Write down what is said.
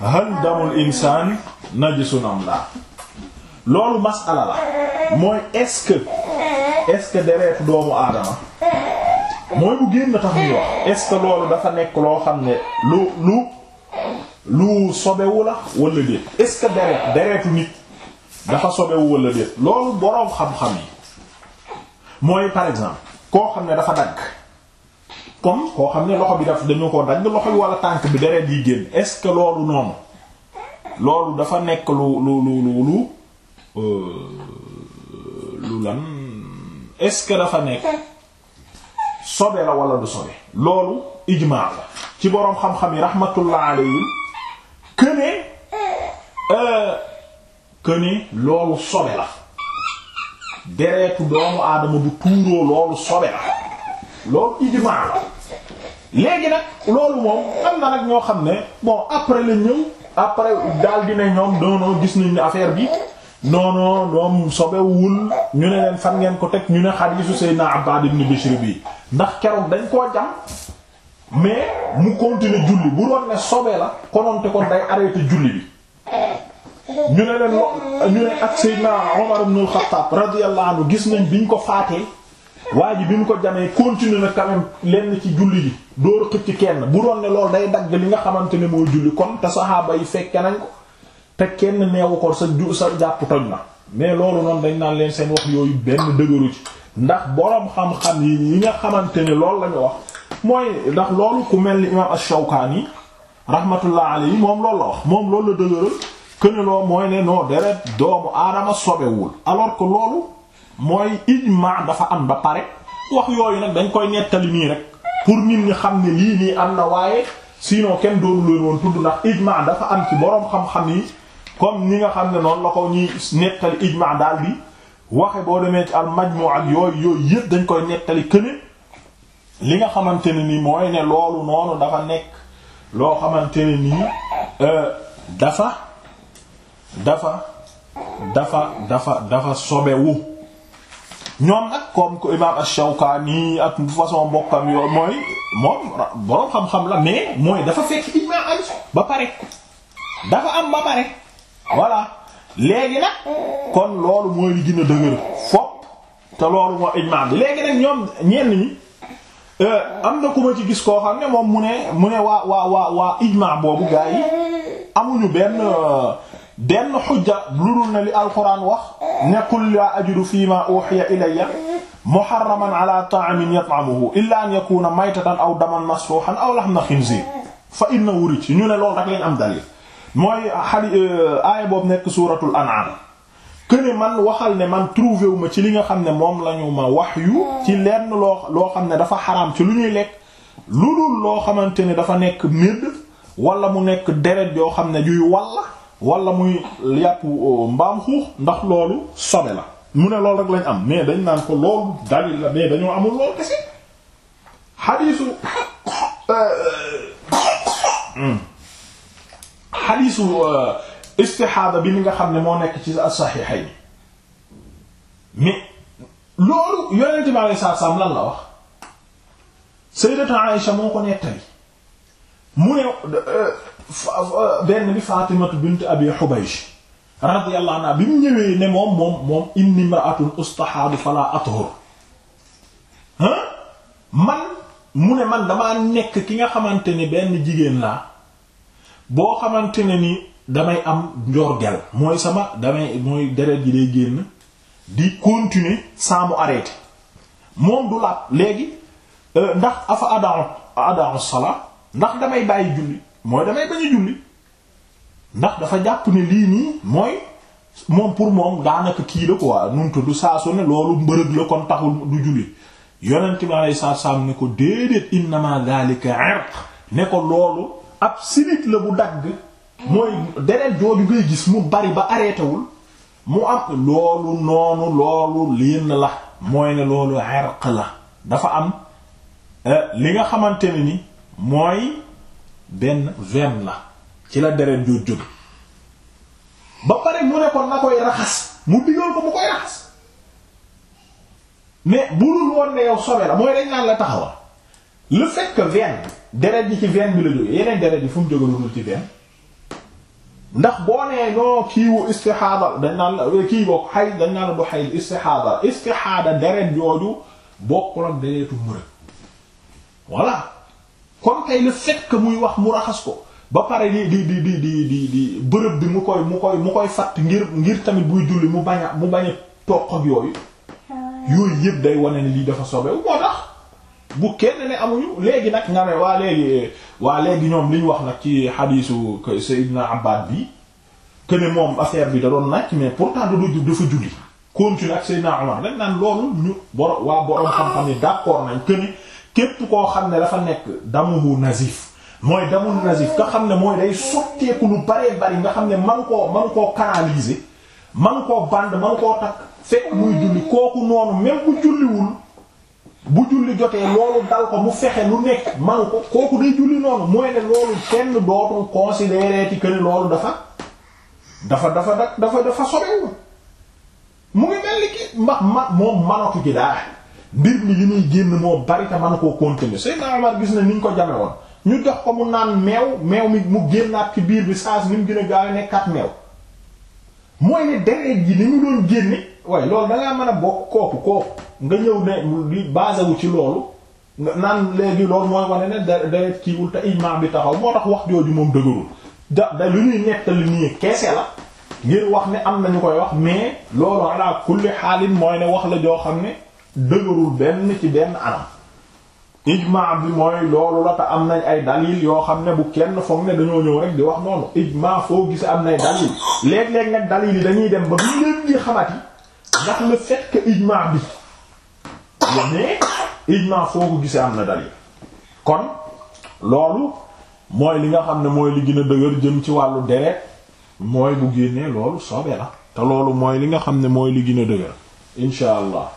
hal damul insaan najisun am la loolu masala la mooy est-ce que est doomu aadama mooy bu génn tax ñuy loolu dafa nekk loo xam ne lu lu lu sobewu la wala déet est-ce dereetu nit dafa sobewu wala déet loolu boroom xam-xam yi mooy par exemple koo xam ne dafa dagg comme koo xam ne loxo bi daf dañu ko dagg loxo yi wala tànk bi deret yi génn est-ce que loolu noonu loolu dafa nekk lu lu lu euh, lan est dafa nekk sobe la wala lu sobe loolu ijmaa la ci boroom xam-xam yi rahmatullah alayhi këne këne euh, loolu sobe la deretu doomu aadama bu tuuroo loolu sobe la loolu ijmaa la léegi nag loolu moom am na nag ñoo xam ne bon après la ñëw après daal di ne ñoom non gis nañ ne affaire bi non non ñoom sobewul ñu ne leen fan ngeen ko teg ñu ne xadiisu Seydina Abbaad ibn Bishr bi ndax keroog dañ koo jam mais mu continuer julli bu doon ne sobe la kononte kon day arrêté julli bi ñu ne leen ñu ne ak Seydina Omar ibn al-Khattab radiyallahu anhu gis nañ biñ ko faatee. waa ji bi mu ko jamee continuer na quand même lenn ci julli ji door xëcc kenn bu doon ne loolu day dagg li nga xamante ne mooy julli kon te saxaaba yi fekke nañ ko te kenn neewu ko sa ju sa jàpp toj na mais loolu noonu dañ naan leen seen wax yooyu benn dëgëru ci ndax boroom xam-xam yi yi nga xamante ne loolu la wax mooy ndax loolu ku mel ni imaam yi shawkaani rahmatullah yi moom lool la wax moom loolu la dëgëral que loo mooy ne non deret doomu aadama sobewul alors que loolu. mooy ijma dafa am ba pare wax yooyu nag dañ koy nettali nii rek pour nit ñi xam ne lii nii am na waaye sinon kenn doonu leen woon tudd ndax ijma dafa am ci boroom xam-xam yi comme ni nga xam ne noonu la ko ñuy nettali ijma daal di waxe boo demee ci al majmu ak yooyu yooyu yëpp dañ koy nettali këne li nga xamante ne ni mooy ne loolu noonu dafa nekk loo xamante ne nii euh, dafa dafa dafa dafa dafa sobewu ñoom nag comme que imam ash ak façon mbokkam yooyu mooy moom boroom xam-xam la mais mooy dafa fekk ijma am ba pare dafa am ba pare voilà léegi nag kon loolu mooy li gën a dëgër fopp te loolu moo ijma bi léegi nag ñoom ñenn ñi Euh, am na ku ma ci gis koo xam ne moom mu ne mu ne waa waa waa waa ijmaa boobu gaa yi amuñu benn benn xujja lu dul na li alquran wax ne qul laa ajidu fii ma uhiya ilayya muharraman ala ta'amin yat'amuhu illa an yakuna maytatan aw daman masfuhan aw lahma khinzir fa innahu rij ñu ne loolu rek lañ am dalil mooy xadi euh, aaya boobu nekk suratul an'am que man waxal ne man trouver wu ma ci li nga xam ne moom la ñu ma wax yu ci lenn loo loo xam ne dafa xaram ci lu ñuy lekk lu dul loo xamante ni dafa nekk médd wala mu nekk deret yoo xam ne juy walla wala muy yàpp euh, mbaam xuux ndax loolu sobe la mu ne loolu rek lañ am mais dañ naan ko loolu dalil la mais dañoo amul loolu kese xadiisu xadiisu euh, hmm. euh, istixaada bi ni nga xam ne moo nekk ci as-saxiixayn mi loolu yonent bi alayhi salaatu lan la wax sayyidatu Aïsha moo ko nettali mu ne euh, benn bi Faatimatu bint Abi Hubaysh radiyallahu anha bi mu ñëwee ne moom moom moom inni imra'atun ustahaadu falaa athur man mu ne man damaa nekk ki nga xamante ni benn jigéen laa boo xamante ne ni damay am njorgel mooy sama damay mooy deret yi day génn di continue sans mu arrêter moom du laab léegi euh, ndax afa adan adan sala ndax damay bàyyi julli mooy damay bañ julli ndax dafa jàpp ni lii nii mooy moom pour moom daanaka kii la quoi nun tudd saa su ne loolu mbërëg la kon taxul du julli yonent bi alei saatu salaam ne ko déedéet innama dhalika irq ne ko loolu ab silit la bu dagg mooy deret jooju ngay gis mu bari ba arrêté wul mu am loolu noonu loolu lin la mooy ne loolu erq la dafa am euh, li nga xamante ni mooy benn veine la ci la deret jooju jóge ba pare mu ne ko na koy raxas mu digal ko mu koy raxas mais bu dul woon ne yow sobe la mooy dañ la taxawal le fait que veine deret ji ci veine bi la jóge yeneen deret yi fu mu jóge lu ci veine ndax boo nee ñoo kiiwu istixaada dañ naan la eh, kii bokk xay dañ la du xay istixaada istixaada deret jooju bokkul ak deretu mbërëg voilà kon kay le fait muy wax mu raxas ko ba pare di di di di di bërëb bi mu koy mu koy mu koy fatt ngir ngir tamit buy julli mu bañ mu bañ a toq yooyu yooyu yëpp day wane ne lii dafa sobe moo tax bu kenn ne amuñu léegi nag nga ne waa léegi eh, waa léegi ñoom li ñu wax nag ci xadiisu Seydina Abbaad bi que ne moom affaire bi da doon nàcc mais pourtant du doon dafa julli continuer ak Seydina Umar dañ naan loolu ñu boro waa borom xam-xam ni d'accord nañ que képp koo xam ne dafa nekk damuhu nazif mooy damuhu nazif nga xam ne mooy day sotteeku lu baree bari nga xam ne man koo man koo canaliser man koo band man koo takk fekk muy julli kooku noonu même bu julliwul. bu julli jotee loolu dal ko mu fexe lu nekk man ko kooku day julli noonu mooy ne loolu kenn dootul considéré ci këri loolu dafa dafa dafa da dafa dafa sobewu mu ngi mel ni ki ma ma moom manatu ci daa mbir mi li muy génn moo bari te man koo continuer Seydina Omar gis na ni ñu ko jame ñu jox ko mu naan meew meew mi mu génnaat ci biir bi saa si ni mu gën a gaaw nekkaat meew mooy ne deret ji ni mu doon génne waaye loolu da ngaa mën a bokk kooku kooku nga ñëw ne di basé wu ci loolu naan léegi loolu mooy wane ne da da kiiwul te ijmaa bi taxaw moo tax wax jooju moom dëgërul da da lu ñuy nettali nii wax ne am nañu koy wax mais loolu ala mooy ne wax la joo xam ne dëgërul benn ci benn bi mooy loolu la am nañ ay dalil yoo xam ne bu kenn foog ne dañoo ñëw rek di wax noonu ijmaa foo gise am nay dalil léeg-léeg nag dalil yi dañuy dem ba lu leen di xamati ndax le fait ijmaa bi mais ijmaa foo ko gisee am na dalil kon loolu mooy li nga xam ne mooy li gën a dëgër jëm ci wàllu deret mooy bu génnee loolu sobe la te loolu mooy li nga xam ne mooy li gën a dëgër incha